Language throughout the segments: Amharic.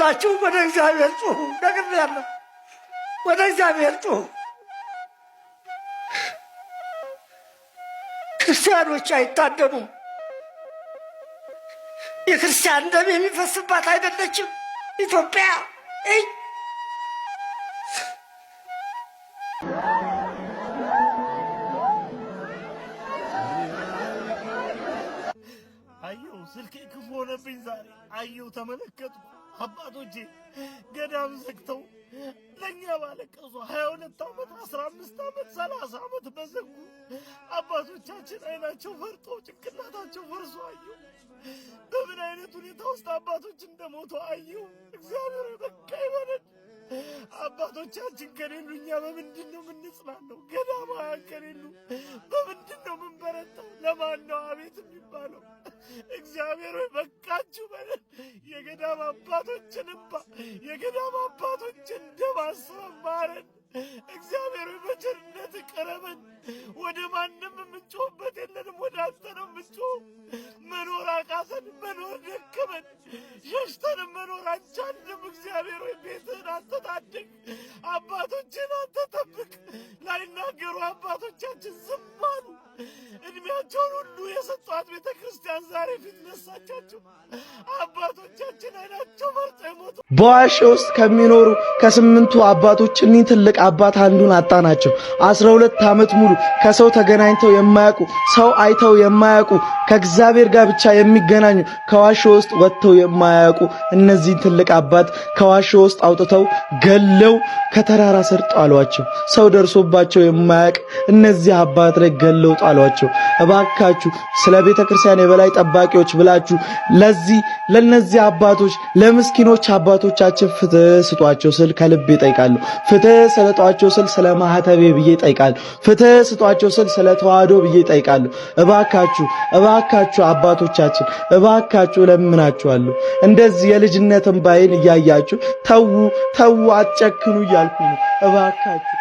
ሁላችሁ ወደ እግዚአብሔር ጩሁ። ነገር ያለው ወደ እግዚአብሔር ጩሁ። ክርስቲያኖች አይታደኑም። የክርስቲያን ደም የሚፈስባት አይደለችም ኢትዮጵያ። አየሁ ስልኬ ክፉ ሆነብኝ ዛሬ። አየሁ ተመለከቱ አባቶቼ ገዳም ዘግተው ለእኛ ባለቀሱ ሀያ ሁለት ዓመት አስራ አምስት ዓመት ሰላሳ ዓመት በዘጉ አባቶቻችን አይናቸው ፈርጦ ጭንቅላታቸው ፈርሶ አየሁ። በምን አይነት ሁኔታ ውስጥ አባቶች እንደሞቱ አየሁ። እግዚአብሔር በቃ ይበለን። አባቶቻችን ከሌሉ እኛ በምንድን ነው የምንጽናነው? ገዳማውያን ከሌሉ በምንድን ነው የምንበረታው? ለማን ነው አቤት የሚባለው? እግዚአብሔር ሆይ በቃችሁ በለን። የገዳም አባቶችን እባ የገዳም አባቶችን ደም አሰባማረን። እግዚአብሔር በቸርነት ቀረበን። ወደ ማንም የምንጮህበት የለንም። ወደ አንተ ነው የምንጮህ። መኖር አቃሰን፣ መኖር ደከመን፣ ሸሽተን መኖር አንቻልም። እግዚአብሔር ወይ ቤትህን አንተ አባቶችን አንተ ጠብቅ። ላይናገሩ አባቶቻችን ዝም አሉ። እድሜያቸውን ሁሉ የሰጧት ቤተ ክርስቲያን ዛሬ ፊት ነሳቻቸው። አባቶቻችን አይናቸው መርጦ የሞቱ በዋሽ ውስጥ ከሚኖሩ ከስምንቱ አባቶች እኒህ ትልቅ አባት አንዱን አጣናቸው። አስራ ሁለት ዓመት ሙሉ ከሰው ተገናኝተው የማያውቁ ሰው አይተው የማያውቁ ከእግዚአብሔር ጋር ብቻ የሚገናኙ ከዋሽ ውስጥ ወጥተው የማያውቁ እነዚህ ትልቅ አባት ከዋሽ ውስጥ አውጥተው ገለው ከተራራ ስር ጣሏቸው። ሰው ደርሶባቸው የማያውቅ እነዚህ አባት ላይ ገለው አሏቸው። እባካችሁ ስለ ቤተ ክርስቲያን የበላይ ጠባቂዎች ብላችሁ ለዚህ ለነዚህ አባቶች ለምስኪኖች አባቶቻችን ፍትህ ስጧቸው ስል ከልብ ይጠይቃለሁ። ፍትህ ስለጧቸው ስል ስለ ማህተቤ ብዬ እጠይቃለሁ። ፍትህ ስጧቸው ስል ስለ ተዋህዶ ብዬ እጠይቃለሁ። እባካችሁ እባካችሁ አባቶቻችን እባካችሁ ለምናችኋለሁ። እንደዚህ የልጅነትን ባይን እያያችሁ ተው ተው አትጨክኑ እያልኩ ነው። እባካችሁ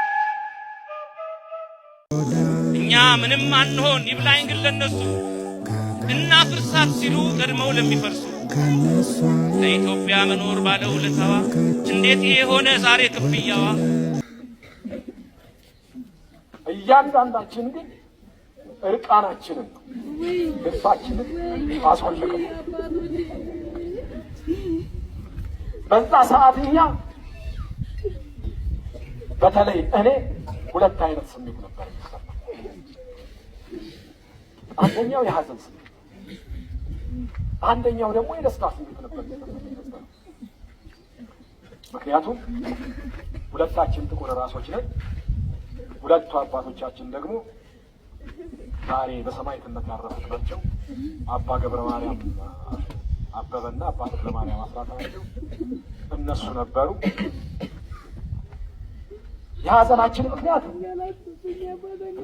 እኛ ምንም አንሆን ይብላኝ ግን ለነሱ እና ፍርሳት ሲሉ ቀድመው ለሚፈርሱ ለኢትዮጵያ መኖር ባለ ውለታዋ እንዴት የሆነ ዛሬ ክፍያዋ። እያንዳንዳችን ግን እርቃናችንን ልብሳችንን አስወልቀን በዛ ሰዓት እኛ በተለይ እኔ ሁለት አይነት ስሜት ነበር። አንደኛው የሀዘን ስሜት፣ አንደኛው ደግሞ የደስታ ስሜት ነበር። ምክንያቱም ሁለታችን ጥቁር ራሶች ነን። ሁለቱ አባቶቻችን ደግሞ ዛሬ በሰማዕትነት ያረፉት ናቸው። አባ ገብረ ማርያም አበበና አባ ገብረ ማርያም አስራት ናቸው። እነሱ ነበሩ። የሐዘናችን ምክንያት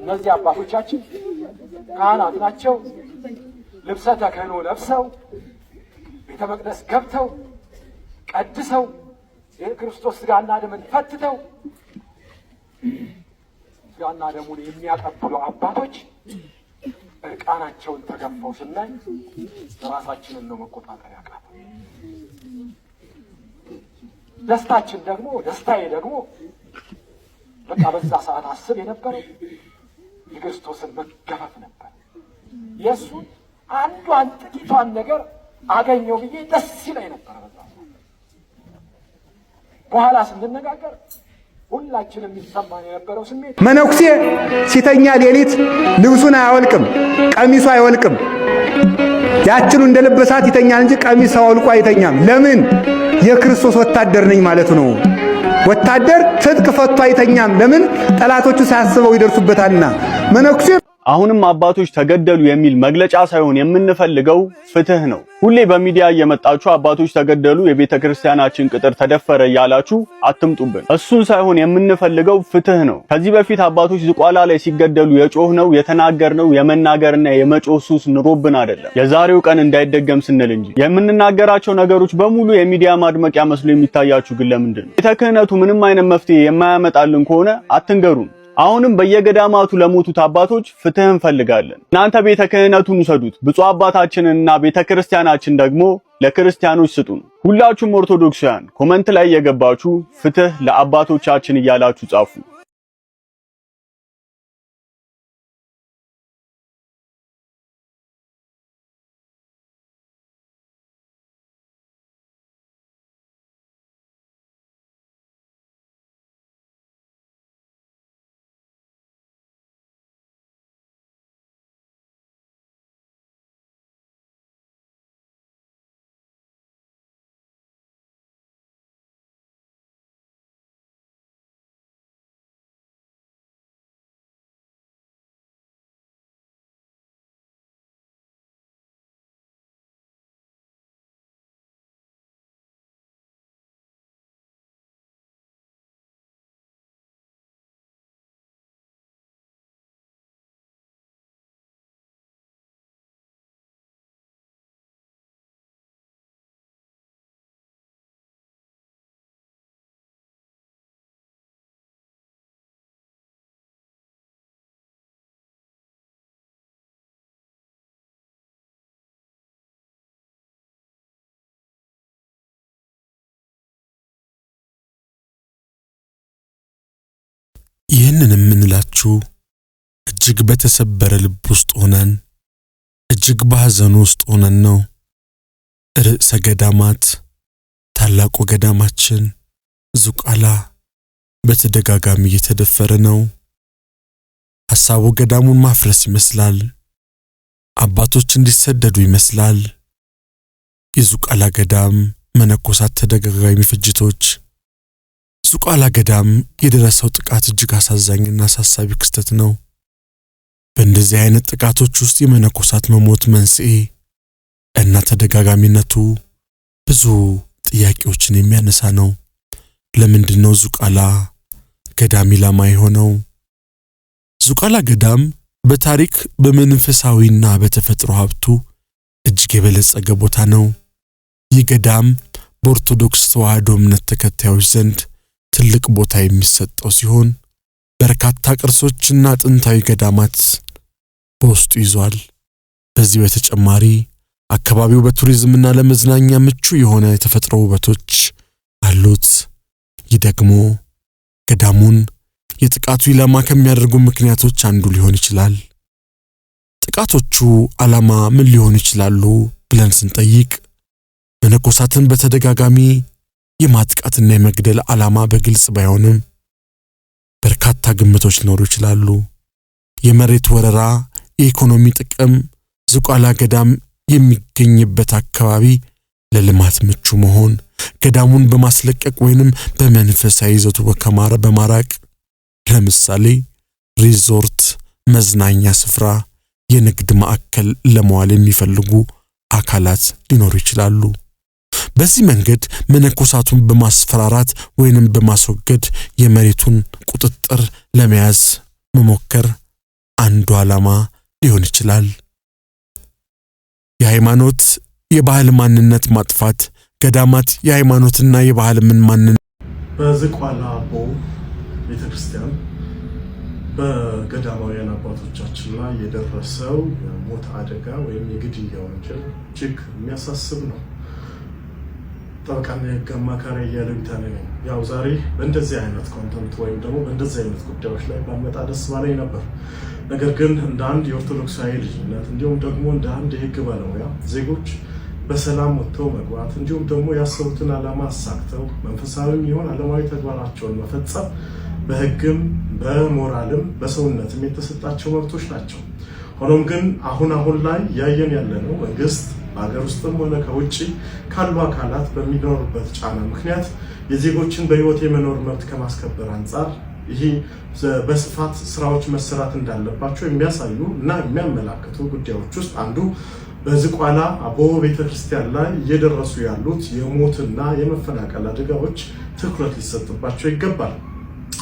እነዚህ አባቶቻችን ካህናት ናቸው። ልብሰ ተክህኖ ለብሰው ቤተ መቅደስ ገብተው ቀድሰው የክርስቶስ ስጋና ደምን ፈትተው ስጋና ደሙን የሚያቀብሉ አባቶች እርቃናቸውን ተገፈው ስናይ ራሳችንን ነው መቆጣጠር ያቃተው። ደስታችን ደግሞ ደስታዬ ደግሞ በቃ በዛ ሰዓት አስብ የነበረው የክርስቶስን መገፈፍ ነበር። የእሱን አንዷን ጥቂቷን ነገር አገኘው ብዬ ደስ ይለኝ ነበር። በዛ በኋላ ስንነጋገር ሁላችንም የሚሰማን የነበረው ስሜት መነኩሴ ሲተኛ ሌሊት ልብሱን አያወልቅም፣ ቀሚሱ አይወልቅም። ያችኑ እንደ ልበሳት ይተኛል እንጂ ቀሚስ አውልቆ አይተኛም። ለምን? የክርስቶስ ወታደር ነኝ ማለት ነው። ወታደር ትጥቅ ፈቶ አይተኛም። ለምን? ጠላቶቹ ሳያስበው ይደርሱበታልና። መነኩሴ አሁንም አባቶች ተገደሉ የሚል መግለጫ ሳይሆን የምንፈልገው ፍትህ ነው። ሁሌ በሚዲያ እየመጣችሁ አባቶች ተገደሉ፣ የቤተ ክርስቲያናችን ቅጥር ተደፈረ እያላችሁ አትምጡብን። እሱን ሳይሆን የምንፈልገው ፍትህ ነው። ከዚህ በፊት አባቶች ዝቋላ ላይ ሲገደሉ የጮህ የተናገር የተናገርነው የመናገርና የመጮህ ሱስ ኑሮብን አይደለም፣ የዛሬው ቀን እንዳይደገም ስንል እንጂ። የምንናገራቸው ነገሮች በሙሉ የሚዲያ ማድመቂያ መስሎ የሚታያችሁ ግን ለምንድን ነው? ቤተ ክህነቱ ምንም አይነት መፍትሄ የማያመጣልን ከሆነ አትንገሩን። አሁንም በየገዳማቱ ለሞቱት አባቶች ፍትህ እንፈልጋለን። እናንተ ቤተ ክህነቱን ውሰዱት፣ ብፁዕ አባታችንንና ቤተ ክርስቲያናችን ደግሞ ለክርስቲያኖች ስጡን። ሁላችሁም ኦርቶዶክሳውያን ኮመንት ላይ የገባችሁ ፍትህ ለአባቶቻችን እያላችሁ ጻፉ። ይህንን የምንላችሁ እጅግ በተሰበረ ልብ ውስጥ ሆነን እጅግ በሐዘኑ ውስጥ ሆነን ነው። ርዕሰ ገዳማት ታላቁ ገዳማችን ዝቋላ በተደጋጋሚ እየተደፈረ ነው። ሐሳቡ ገዳሙን ማፍረስ ይመስላል። አባቶች እንዲሰደዱ ይመስላል። የዝቋላ ገዳም መነኮሳት ተደጋጋሚ ፍጅቶች ሱቋላ ገዳም የደረሰው ጥቃት እጅግ አሳዛኝና አሳሳቢ ክስተት ነው። በእንደዚህ አይነት ጥቃቶች ውስጥ የመነኮሳት መሞት መንስኤ እና ተደጋጋሚነቱ ብዙ ጥያቄዎችን የሚያነሳ ነው። ለምንድን ነው ሱቋላ ገዳም ኢላማ የሆነው? ዙቃላ ገዳም በታሪክ በመንፈሳዊና በተፈጥሮ ሀብቱ እጅግ የበለጸገ ቦታ ነው። ይህ ገዳም በኦርቶዶክስ ተዋህዶ እምነት ተከታዮች ዘንድ ትልቅ ቦታ የሚሰጠው ሲሆን በርካታ ቅርሶችና ጥንታዊ ገዳማት በውስጡ ይዟል። በዚህ በተጨማሪ አካባቢው በቱሪዝምና ለመዝናኛ ምቹ የሆነ የተፈጥሮ ውበቶች አሉት። ይህ ደግሞ ገዳሙን የጥቃቱ ኢላማ ከሚያደርጉ ምክንያቶች አንዱ ሊሆን ይችላል። ጥቃቶቹ ዓላማ ምን ሊሆኑ ይችላሉ ብለን ስንጠይቅ መነኮሳትን በተደጋጋሚ የማጥቃትና የመግደል ዓላማ በግልጽ ባይሆንም በርካታ ግምቶች ሊኖሩ ይችላሉ። የመሬት ወረራ፣ የኢኮኖሚ ጥቅም፣ ዝቋላ ገዳም የሚገኝበት አካባቢ ለልማት ምቹ መሆን፣ ገዳሙን በማስለቀቅ ወይንም በመንፈሳዊ ይዘቱ ከማረ በማራቅ ለምሳሌ ሪዞርት፣ መዝናኛ ስፍራ፣ የንግድ ማዕከል ለመዋል የሚፈልጉ አካላት ሊኖሩ ይችላሉ። በዚህ መንገድ መነኮሳቱን በማስፈራራት ወይንም በማስወገድ የመሬቱን ቁጥጥር ለመያዝ መሞከር አንዱ ዓላማ ሊሆን ይችላል። የሃይማኖት የባህል ማንነት ማጥፋት ገዳማት የሃይማኖትና የባህል ምን ማንነት በዝቋላ አቦ ቤተ ክርስቲያን በገዳማውያን አባቶቻችን ላይ የደረሰው የሞት አደጋ ወይም የግድያ ወንጀል እጅግ የሚያሳስብ ነው። ጠበቃና የህግ አማካሪ እያለ ቢታለኝ ያው ዛሬ በእንደዚህ አይነት ኮንተንት ወይም ደግሞ በእንደዚህ አይነት ጉዳዮች ላይ ባመጣ ደስ ባለኝ ነበር። ነገር ግን እንደ አንድ የኦርቶዶክሳዊ ልጅነት እንዲሁም ደግሞ እንደ አንድ የህግ ባለሙያ ዜጎች በሰላም ወጥተው መግባት እንዲሁም ደግሞ ያሰቡትን ዓላማ አሳክተው መንፈሳዊም ይሆን ዓለማዊ ተግባራቸውን መፈጸም በህግም በሞራልም በሰውነትም የተሰጣቸው መብቶች ናቸው። ሆኖም ግን አሁን አሁን ላይ እያየን ያለነው መንግስት በሀገር ውስጥም ሆነ ከውጭ ካሉ አካላት በሚኖርበት ጫና ምክንያት የዜጎችን በህይወት የመኖር መብት ከማስከበር አንጻር ይህ በስፋት ስራዎች መሰራት እንዳለባቸው የሚያሳዩ እና የሚያመላክቱ ጉዳዮች ውስጥ አንዱ በዝቋላ አቦ ቤተክርስቲያን ላይ እየደረሱ ያሉት የሞትና የመፈናቀል አደጋዎች ትኩረት ሊሰጥባቸው ይገባል።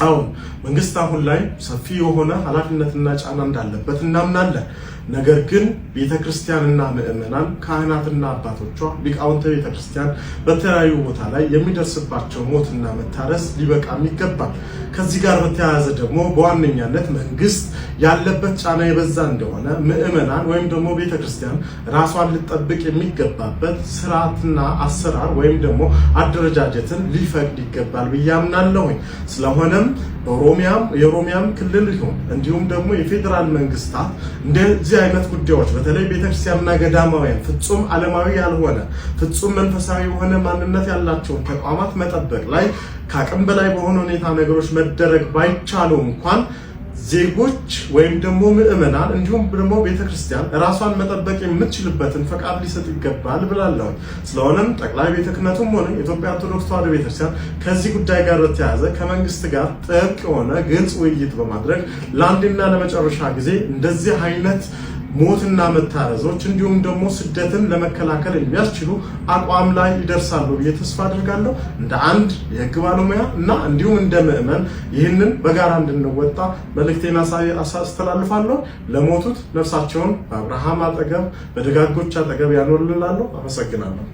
አሁን መንግስት አሁን ላይ ሰፊ የሆነ ኃላፊነትና ጫና እንዳለበት እናምናለን። ነገር ግን ቤተክርስቲያንና ምእመናን ካህናትና አባቶቿ ሊቃውንተ ቤተክርስቲያን በተለያዩ ቦታ ላይ የሚደርስባቸው ሞትና መታረስ ሊበቃም ይገባል። ከዚህ ጋር በተያያዘ ደግሞ በዋነኛነት መንግስት ያለበት ጫና የበዛ እንደሆነ ምዕመናን ወይም ደግሞ ቤተክርስቲያን ራሷን ልጠብቅ የሚገባበት ስርዓትና አሰራር ወይም ደግሞ አደረጃጀትን ሊፈቅድ ይገባል ብዬ አምናለሁኝ። ስለሆነም ኦሮሚያም የኦሮሚያም ክልል ይሁን እንዲሁም ደግሞ የፌዴራል መንግስታት እንደዚህ አይነት ጉዳዮች በተለይ ቤተክርስቲያንና ገዳማውያን ፍጹም ዓለማዊ ያልሆነ ፍጹም መንፈሳዊ የሆነ ማንነት ያላቸውን ተቋማት መጠበቅ ላይ ከአቅም በላይ በሆነ ሁኔታ ነገሮች መደረግ ባይቻሉ እንኳን ዜጎች ወይም ደግሞ ምዕመናን እንዲሁም ደግሞ ቤተክርስቲያን ራሷን መጠበቅ የምትችልበትን ፈቃድ ሊሰጥ ይገባል ብላለሁ። ስለሆነም ጠቅላይ ቤተ ክህነቱም ሆነ የኢትዮጵያ ኦርቶዶክስ ተዋሕዶ ቤተክርስቲያን ከዚህ ጉዳይ ጋር በተያያዘ ከመንግስት ጋር ጥብቅ የሆነ ግልጽ ውይይት በማድረግ ለአንድና ለመጨረሻ ጊዜ እንደዚህ አይነት ሞትና መታረዞች እንዲሁም ደግሞ ስደትን ለመከላከል የሚያስችሉ አቋም ላይ ይደርሳሉ ብዬ ተስፋ አድርጋለሁ። እንደ አንድ የህግ ባለሙያ እና እንዲሁም እንደ ምዕመን ይህንን በጋራ እንድንወጣ መልእክቴን አስተላልፋለሁ። ለሞቱት ነፍሳቸውን በአብርሃም አጠገብ በደጋጎች አጠገብ ያኖርልላለሁ። አመሰግናለሁ።